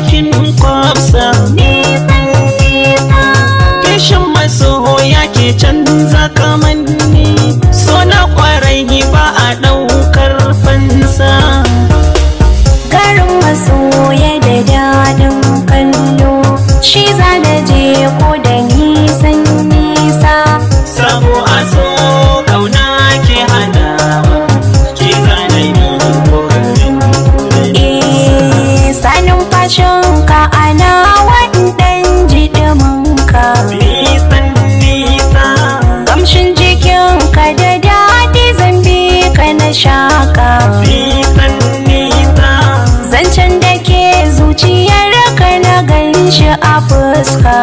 kin kwafsa Kishin masoya ke canza kamanni So na kwarai ba a ɗaukar fansa Garin masoya da daɗin kallo Shi za da je ko da nisan nisa Sabo a so shaka zancen da ke zuciyar raka na ganin shi a fuska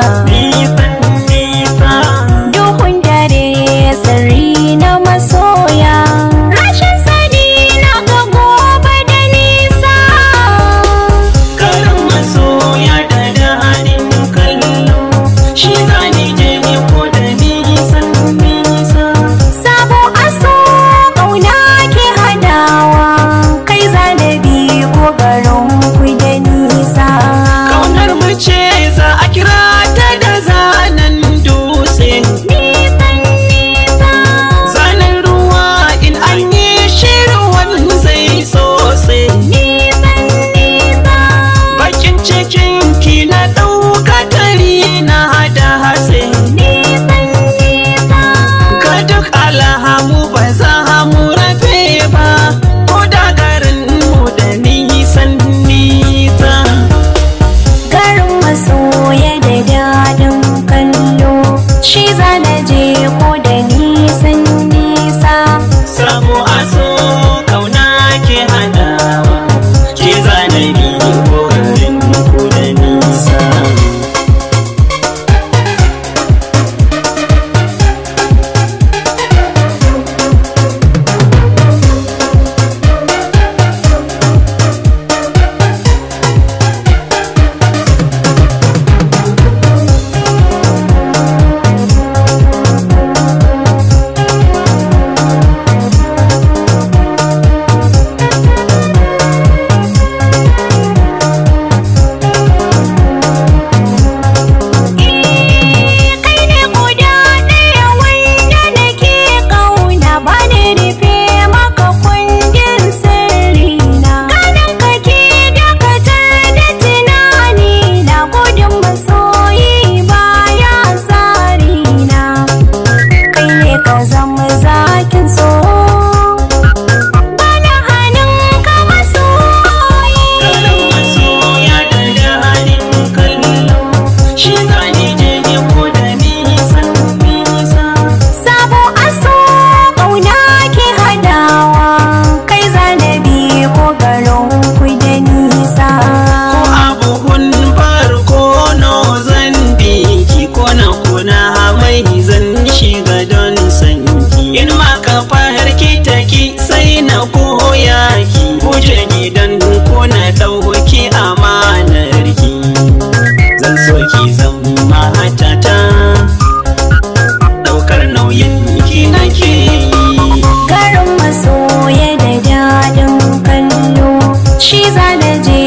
she's an edgy